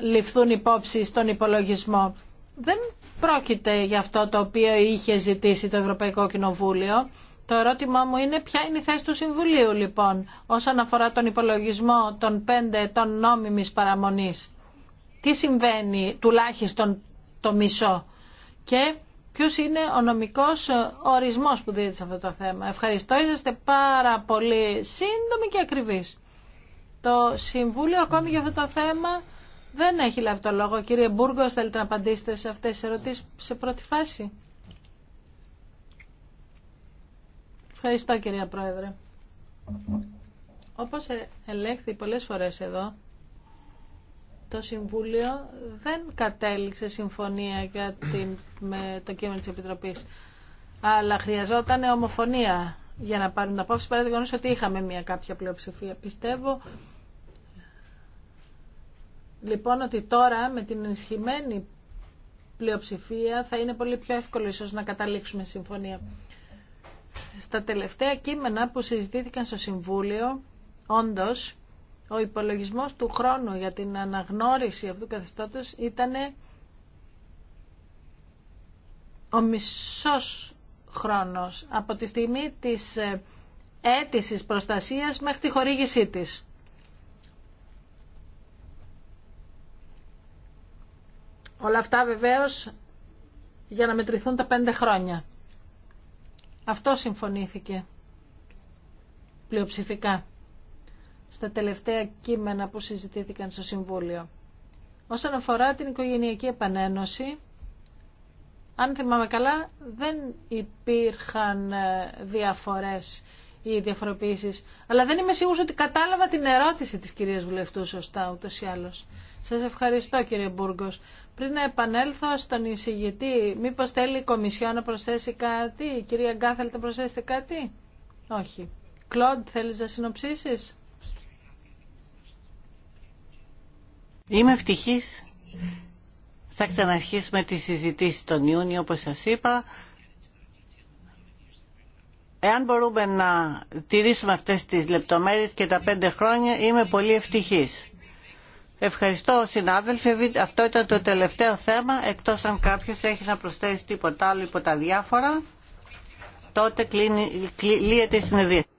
Speaker 3: ληφθούν υπόψη στον υπολογισμό. Δεν Πρόκειται για αυτό το οποίο είχε ζητήσει το Ευρωπαϊκό Κοινοβούλιο. Το ερώτημά μου είναι ποια είναι η θέση του Συμβουλίου λοιπόν όσον αφορά τον υπολογισμό των πέντε ετών νόμιμης παραμονής. Τι συμβαίνει τουλάχιστον το μισό και ποιος είναι ο νομικός ορισμός που δίνεται σε αυτό το θέμα. Ευχαριστώ, είσαστε πάρα πολύ σύντομοι και ακριβείς. Το Συμβούλιο ακόμη για αυτό το θέμα δεν έχει λάβει το λόγο. Κύριε Μπούργο θέλετε να απαντήσετε σε αυτές τις ερωτήσεις σε πρώτη φάση. Ευχαριστώ κυρία Πρόεδρε. Όπως ε, ελέγχθη πολλές φορές εδώ, το Συμβούλιο δεν κατέληξε συμφωνία για την, με το κείμενο της Επιτροπής. Αλλά χρειαζόταν ομοφωνία για να πάρουν απόψη παρά το ότι είχαμε μια κάποια πλειοψηφία. Πιστεύω λοιπόν ότι τώρα με την ενισχυμένη πλειοψηφία θα είναι πολύ πιο εύκολο ίσως να καταλήξουμε συμφωνία. Στα τελευταία κείμενα που συζητήθηκαν στο Συμβούλιο, όντως, ο υπολογισμός του χρόνου για την αναγνώριση αυτού του καθεστώτος ήταν ο μισός χρόνος από τη στιγμή της ε, αίτησης προστασίας μέχρι τη χορήγησή της. Όλα αυτά βεβαίως για να μετρηθούν τα πέντε χρόνια. Αυτό συμφωνήθηκε πλειοψηφικά στα τελευταία κείμενα που συζητήθηκαν στο Συμβούλιο. Όσον αφορά την οικογενειακή επανένωση, αν θυμάμαι καλά, δεν υπήρχαν ε, διαφορές ή διαφοροποιήσεις. Αλλά δεν είμαι σίγουρος ότι κατάλαβα την ερώτηση της κυρίας Βουλευτού σωστά, ούτως ή Σας ευχαριστώ κύριε Μπούργκος. Πριν να επανέλθω στον εισηγητή, μήπως θέλει η Κομισιό να προσθέσει κάτι. Η κυρία Γκά, θέλετε να προσθέσετε κάτι. Όχι. Κλοντ, θέλεις να συνοψίσεις.
Speaker 1: Είμαι ευτυχής. Θα ξαναρχίσουμε τη συζητήση τον Ιούνιο, όπως σας είπα. Εάν μπορούμε να τηρήσουμε αυτές τις λεπτομέρειες και τα πέντε χρόνια, είμαι πολύ ευτυχής. Ευχαριστώ συνάδελφοι. Αυτό ήταν το τελευταίο θέμα. Εκτός αν κάποιος έχει να προσθέσει τίποτα άλλο υπό τα διάφορα, τότε κλείνει, λύεται η συνεδρία.